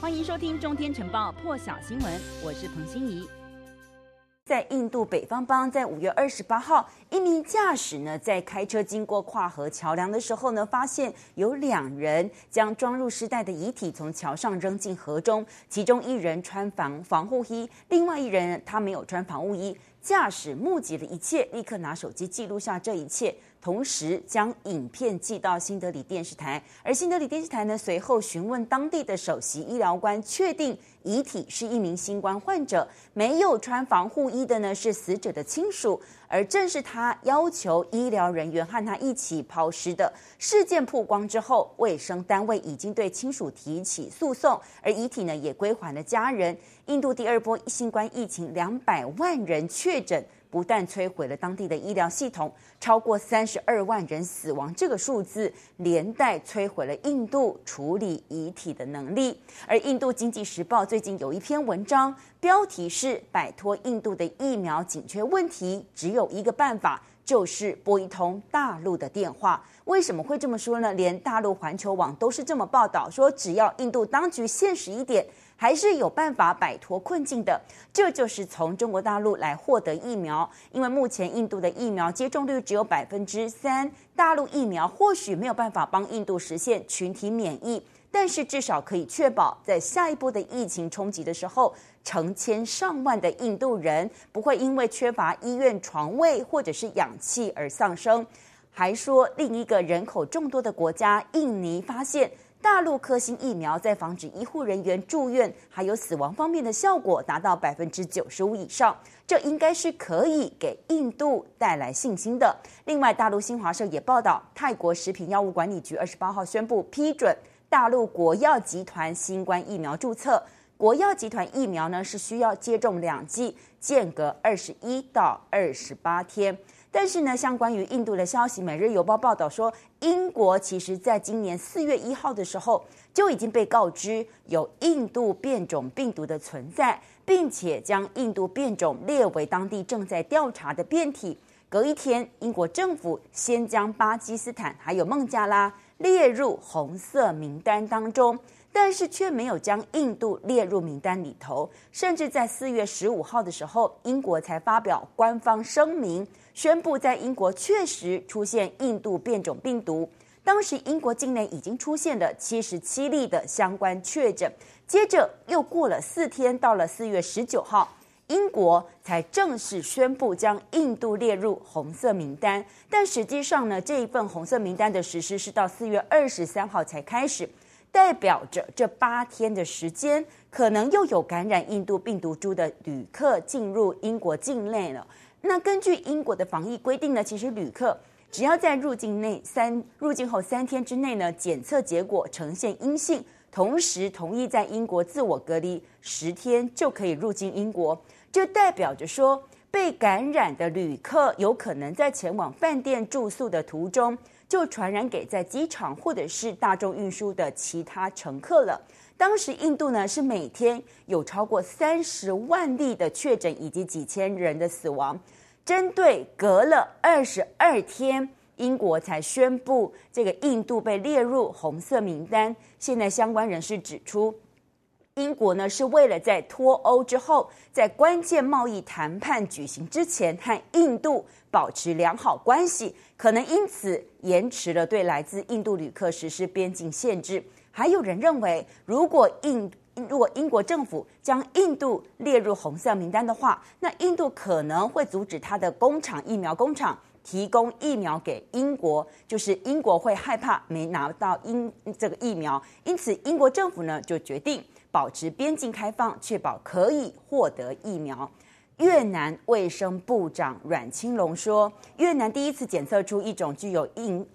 歡迎收聽《中天晨報》破曉新聞，我是彭欣怡。在印度北方邦，在五月二十八號，一名駕駛呢在開車經過跨河橋梁的時候呢，發現有兩人將裝入屍袋的遺體從橋上扔進河中，其中一人穿防防護衣，另外一人他沒有穿防護衣。駕駛目擊了一切，立刻拿手機記錄下這一切，同時將影片寄到新德里電視台。而新德里電視台呢，隨後詢問當地的首席醫療官，確定遺體是一名新冠患者，沒有穿防護衣的呢，是死者的親屬。而正是他要求醫療人員和他一起拋屍的事件曝光之後，衛生單位已經對親屬提起訴訟，而遺體呢也歸還了家人。印度第二波新冠疫情，兩百萬人確診。不但摧毀了當地的醫療系統，超過三十二萬人死亡，這個數字連帶摧毀了印度處理遺體的能力。而印度經濟時報最近有一篇文章，標題是“擺脫印度的疫苗緊缺問題，只有一個辦法”。就是撥一通大陸的電話，為什麼會這麼說呢？連大陸環球網都是這麼報道，說只要印度當局現實一點，還是有辦法擺脫困境的。這就是從中國大陸來獲得疫苗，因為目前印度的疫苗接種率只有百分之三，大陸疫苗或許沒有辦法幫印度實現群體免疫，但是至少可以確保在下一波的疫情衝擊的時候。成千上萬的印度人不會因為缺乏醫院床位或者是氧氣而喪生，還說另一個人口眾多的國家印尼發現大陸科興疫苗在防止醫護人員住院還有死亡方面的效果達到百分之九十五以上，這應該是可以給印度帶來信心的。另外，大陸新華社也報道，泰國食品藥物管理局二十八號宣布批准大陸國藥集團新冠疫苗注冊。國藥集團疫苗呢是需要接種兩劑，間隔二十一到二十八天。但是呢，相關於印度的消息，《每日郵報》報道說，英國其實在今年四月一號的時候就已經被告知有印度變種病毒的存在，並且將印度變種列為當地正在調查的變體。隔一天，英國政府先將巴基斯坦還有孟加拉列入紅色名單當中。但是卻沒有將印度列入名單裡頭，甚至在四月十五號的時候，英國才發表官方聲明，宣布在英國確實出現印度變種病毒。當時英國境內已經出現了七十七例的相關確診。接着又過了四天，到了四月十九號，英國才正式宣布將印度列入紅色名單。但實際上呢，這一份紅色名單的實施是到四月二十三號才開始。代表着這八天的時間，可能又有感染印度病毒株的旅客進入英國境內了。那根據英國的防疫規定呢，其實旅客只要在入境內三，入境後三天之內呢，檢測結果呈現陰性，同時同意在英國自我隔離十天，就可以入境英國。這代表着說，被感染的旅客有可能在前往飯店住宿的途中。就傳染給在機場或者是大眾運輸的其他乘客了。當時印度呢，是每天有超過三十萬例的確診，以及幾千人的死亡。針對隔了二十二天，英國才宣布這個印度被列入紅色名單。現在相關人士指出。英國呢，是為了在脫歐之後，在關鍵貿易談判舉行之前和印度保持良好關係，可能因此延遲了對來自印度旅客實施邊境限制。還有人認為，如果印如果英國政府將印度列入紅色名單的話，那印度可能會阻止他的工廠疫苗工廠提供疫苗給英國，就是英國會害怕沒拿到英這個疫苗，因此英國政府呢就決定。保持邊境開放，確保可以獲得疫苗。越南衛生部長阮清龍說：“越南第一次檢測出一種具有印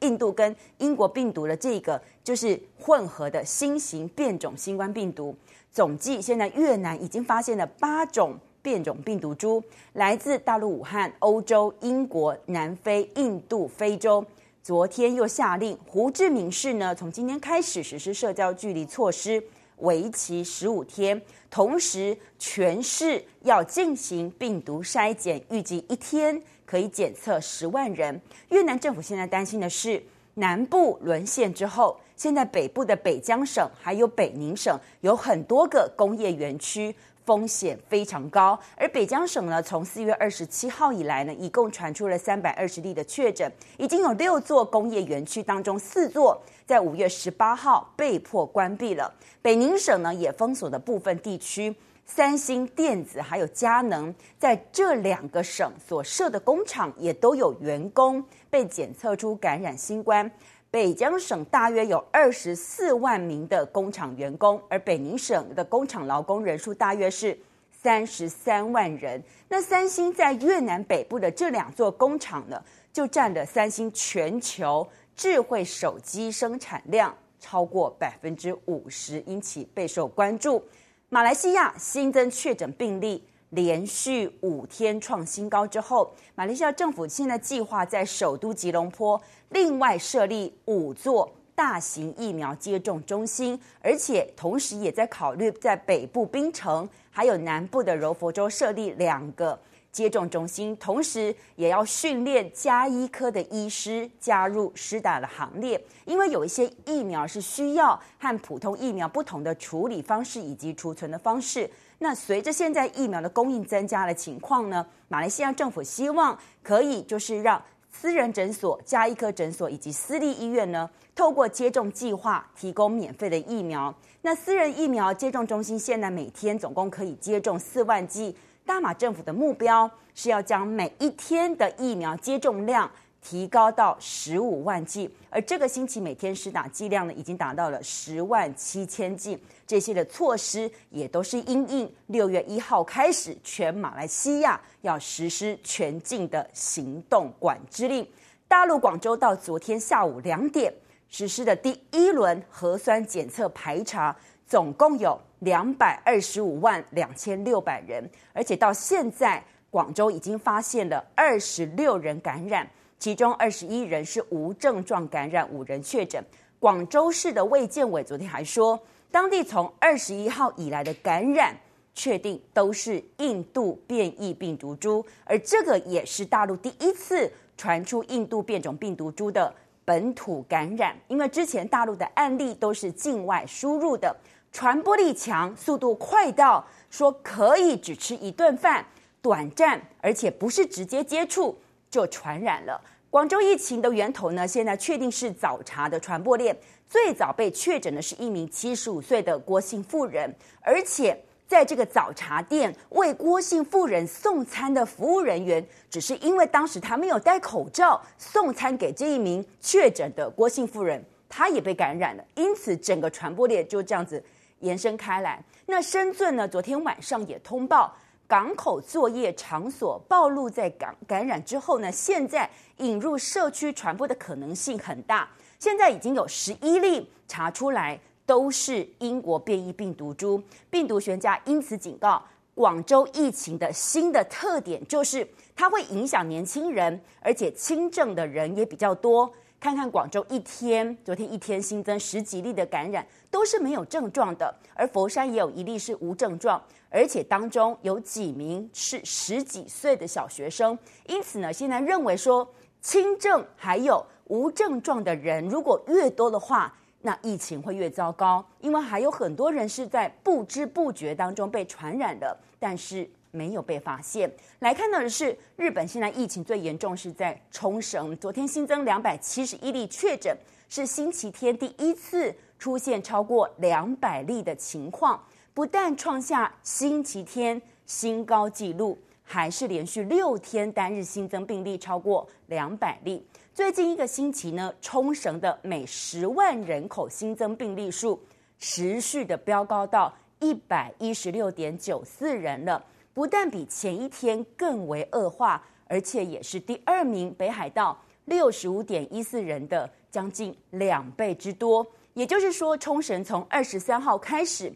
印度跟英國病毒的這個就是混合的新型變種新冠病毒。總計現在越南已經發現了八種變種病毒株，來自大陸武漢、歐洲、英國、南非、印度、非洲。昨天又下令，胡志明市呢從今天開始實施社交距離措施。”為期十五天，同時全市要進行病毒篩檢，預計一天可以檢測十萬人。越南政府現在擔心的是，南部淪陷之後，現在北部的北江省還有北寧省有很多個工業園區。風險非常高，而北江省呢，從四月二十七號以來呢，一共傳出了三百二十例的確診，已經有六座工業園區當中四座在五月十八號被迫關閉了。北寧省呢，也封鎖了部分地區，三星電子還有佳能在這兩個省所設的工廠也都有員工被檢測出感染新冠。北江省大約有二十四萬名的工廠員工，而北寧省的工廠勞工人數大約是三十三萬人。那三星在越南北部的這兩座工廠呢，就佔了三星全球智慧手機生產量超過百分之五十，因此備受關注。馬來西亞新增確診病例連續五天創新高之後，馬來西亞政府現在計劃在首都吉隆坡另外設立五座大型疫苗接種中心，而且同時也在考慮在北部檳城還有南部的柔佛州設立兩個。接種中心，同時也要訓練家醫科的醫師加入施打的行列，因為有一些疫苗是需要和普通疫苗不同的處理方式以及儲存的方式。那隨着現在疫苗的供應增加的情況呢，馬來西亞政府希望可以就是讓私人診所、家醫科診所以及私立醫院呢，透過接種計劃提供免費的疫苗。那私人疫苗接種中心現在每天總共可以接種四萬劑。大馬政府的目標是要將每一天的疫苗接種量提高到十五萬劑，而這個星期每天施打劑量呢，已經達到了十萬七千劑。這些的措施也都是因應六月一號開始全馬來西亞要實施全境的行動管制令。大陸廣州到昨天下午兩點實施的第一輪核酸檢測排查。總共有兩百二十五萬兩千六百人，而且到現在，廣州已經發現了二十六人感染，其中二十一人是無症狀感染，五人確診。廣州市的衛健委昨天還說，當地從二十一號以來的感染確定都是印度變異病毒株，而這個也是大陸第一次傳出印度變種病毒株的。本土感染，因為之前大陸的案例都是境外輸入的，傳播力強，速度快到說可以只吃一頓飯，短暫，而且不是直接接觸就傳染了。廣州疫情的源頭呢，現在確定是早茶的傳播鏈，最早被確診的是一名七十五歲的郭姓婦人，而且。在這個早茶店為郭姓婦人送餐的服務人員，只是因為當時他沒有戴口罩送餐給這一名確診的郭姓婦人，他也被感染了，因此整個傳播鏈就這樣子延伸開來。那深圳呢？昨天晚上也通報，港口作業場所暴露在港感染之後呢，現在引入社區傳播的可能性很大。現在已經有十一例查出來。都是英國變異病毒株，病毒學家因此警告，廣州疫情的新的特點就是它會影響年輕人，而且輕症的人也比較多。看看廣州一天，昨天一天新增十幾例的感染，都是沒有症狀的，而佛山也有一例是無症狀，而且當中有幾名是十幾歲的小學生。因此呢，現在認為說，輕症還有無症狀的人如果越多的話。那疫情會越糟糕，因為還有很多人是在不知不覺當中被傳染的，但是沒有被發現。來看到的是，日本現在疫情最嚴重是在沖繩，昨天新增兩百七十一例確診，是星期天第一次出現超過兩百例的情況，不但創下星期天新高紀錄。還是連續六天單日新增病例超過兩百例。最近一個星期呢，沖繩的每十萬人口新增病例數持續的飆高到一百一十六點九四人了。不但比前一天更為惡化，而且也是第二名北海道六十五點一四人的將近兩倍之多。也就是說，沖繩從二十三號開始。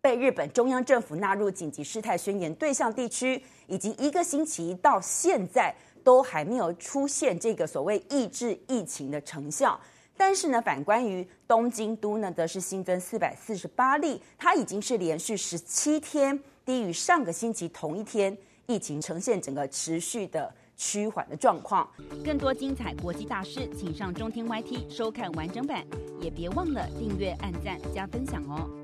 被日本中央政府納入緊急事態宣言對象地區，以及一個星期到現在都還沒有出現這個所謂抑制疫情的成效。但是呢，反觀於東京都呢，則是新增四百四十八例，它已經是連續十七天低於上個星期同一天，疫情呈現整個持續的趨緩的狀況。更多精彩國際大事，請上中天 YT 收看完整版，也別忘了訂閱、按贊、加分享哦。